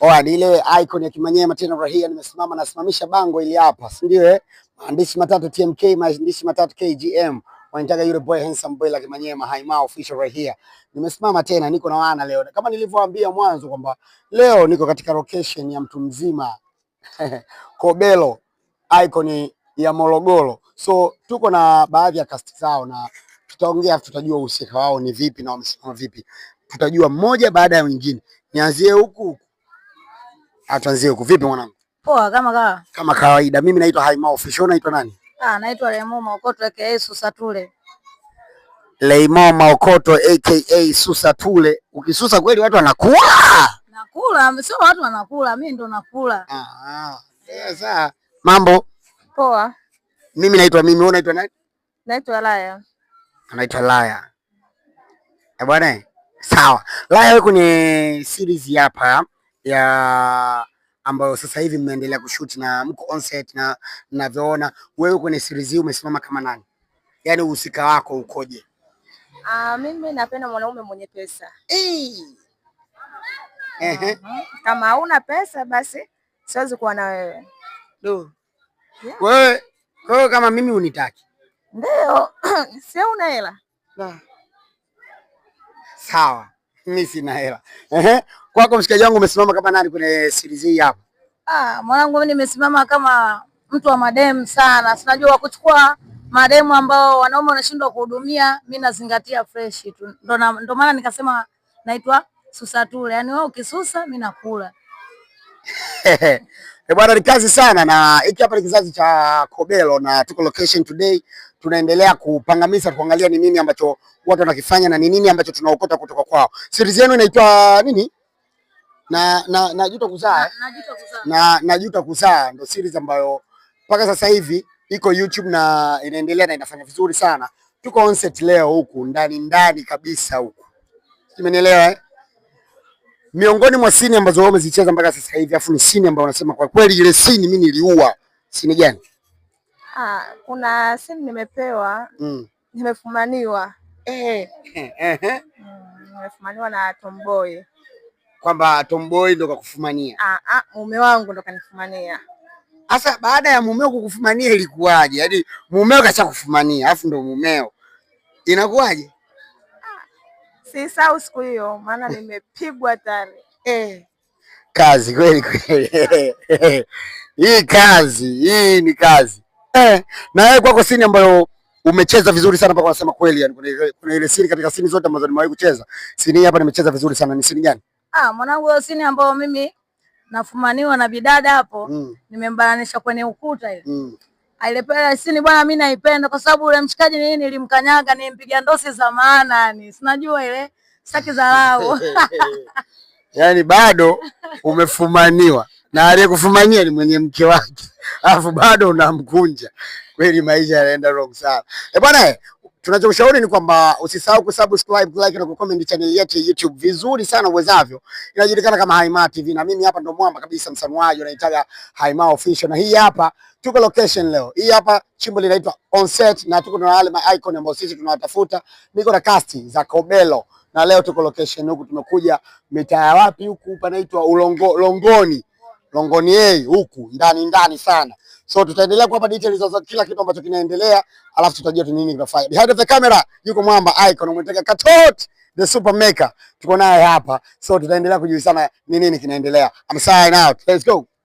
Oa ni ile icon ya Kimanyema tena rahia, nimesimama na simamisha bango ili hapa, si ndio eh? Maandishi matatu TMK, maandishi matatu KGM. Wanataka yule boy handsome boy la Kimanyema Haima official rahia. Nimesimama tena, niko na wana leo. Kama nilivyowaambia mwanzo kwamba leo niko katika location ya mtu mzima Kobelo, icon ya Morogoro. So tuko na baadhi ya cast zao na tutaongea tutajua uhusika wao ni vipi na wamesimama vipi. Tutajua mmoja baada ya mwingine. Nianzie huku Atanzie huko. Vipi mwanangu? Poa kama kawa. Kama kawaida. Mimi naitwa Haima Official, naitwa nani? Ah, naitwa Lemo Maokoto aka Susa Tule. Lemo Maokoto aka Susa Tule. Ukisusa kweli watu wanakula. Nakula, sio watu wanakula, mimi ndo nakula. Ah, ah. Eh, Sasa mambo? Poa. Mimi naitwa mimi, wewe unaitwa nani? Naitwa Laya. Anaitwa Laya. Eh, bwana. Sawa. Laya, wewe kwenye series hapa ya ambayo sasa hivi mmeendelea kushuti na mko on set na navyoona wewe kwenye series hii umesimama kama nani? Yaani uhusika wako ukoje? Ah, mimi napenda mwanaume mwenye pesa. Hey. Ehe. Kama hauna pesa basi siwezi kuwa na wewe. Do. Yeah. Wewe, wewe kama mimi unitaki. Ndio. Sio una hela? Sawa mimi sina hela. Ehe. Kwako mshikaji wangu umesimama kama nani kwenye series hii hapa? Ah, mwanangu mimi nimesimama kama mtu wa mademu sana. Sinajua kuchukua mademu ambao wanaume wanashindwa kuhudumia, mimi nazingatia fresh tu. Ndio maana nikasema naitwa Susa Tule. Yaani wewe ukisusa mimi nakula. E bwana, ni kazi sana, na hiki hapa ni kizazi cha Kobelo na tuko location today, tunaendelea kupangamiza kuangalia ni nini ambacho watu wanakifanya na ni nini ambacho tunaokota kutoka kwao. Series yenu inaitwa nini? na na najuta eh? kuzaa na najuta kuzaa ndo series ambayo mpaka sasa hivi iko YouTube na inaendelea na inafanya vizuri sana. Tuko onset leo huku ndani ndani kabisa huku, umenielewa eh? miongoni mwa sini ambazo wao wamezicheza mpaka sasa hivi, afu ni sini ambayo wanasema kwa kweli ile sini mimi niliua. Sini gani? Ah, kuna sini nimepewa mm. nimefumaniwa eh, eh, eh, eh. Mm, nimefumaniwa na Tomboy kwamba Tomboy ndo kakufumania? Ah, ah, mume wangu ndo kanifumania. Sasa baada ya mumeo kukufumania ilikuwaje? Yaani mumeo kufumania afu ndo mumeo inakuwaje? Siisahau siku hiyo, maana eh. nimepigwa tani eh. Kazi kweli kweli hii kazi hii ni kazi eh. Na wewe kwako sini ambayo umecheza vizuri sana mpaka unasema kweli, yani kuna ile sini katika sini zote ambazo nimewahi kucheza, sini hapa nimecheza vizuri sana. Ni sini gani? Ah, mwanangu, hiyo sini ambayo mimi nafumaniwa na bidada hapo mm. Nimembananisha kwenye ukuta ile mm. Alepele sini bwana, mimi naipenda kwa sababu ule mshikaji nini nilimkanyaga, nimpiga ndosi za maana, yani sinajua ile saki za lao yani bado umefumaniwa na aliyekufumania ni mwenye mke wake, alafu bado unamkunja. Kweli maisha yanaenda wrong sana. Eh bwana, tunachoshauri ni kwamba usisahau kusubscribe, like na kucomment channel yetu ya YouTube vizuri sana uwezavyo. Inajulikana kama Haima TV na mimi hapa ndo mwamba kabisa msanuaji unaitaga Haima Official, na hii hapa tuko location leo. Hii hapa chimbo linaitwa Onset na tuko na wale ma icon ambao sisi tunawatafuta. Niko na cast za Kobelo na leo tuko location huku, tumekuja mitaa wapi huku, panaitwa Ulongo Longoni Longoni, yeye huku ndani ndani sana So tutaendelea kuwapa details za kila kitu ambacho kinaendelea, alafu tutajua tu nini kinafanya. Behind the camera yuko mwamba icon umeteka Katot the super maker. Tuko naye hapa. So tutaendelea kujua sana ni nini kinaendelea. I'm sign out. Let's go.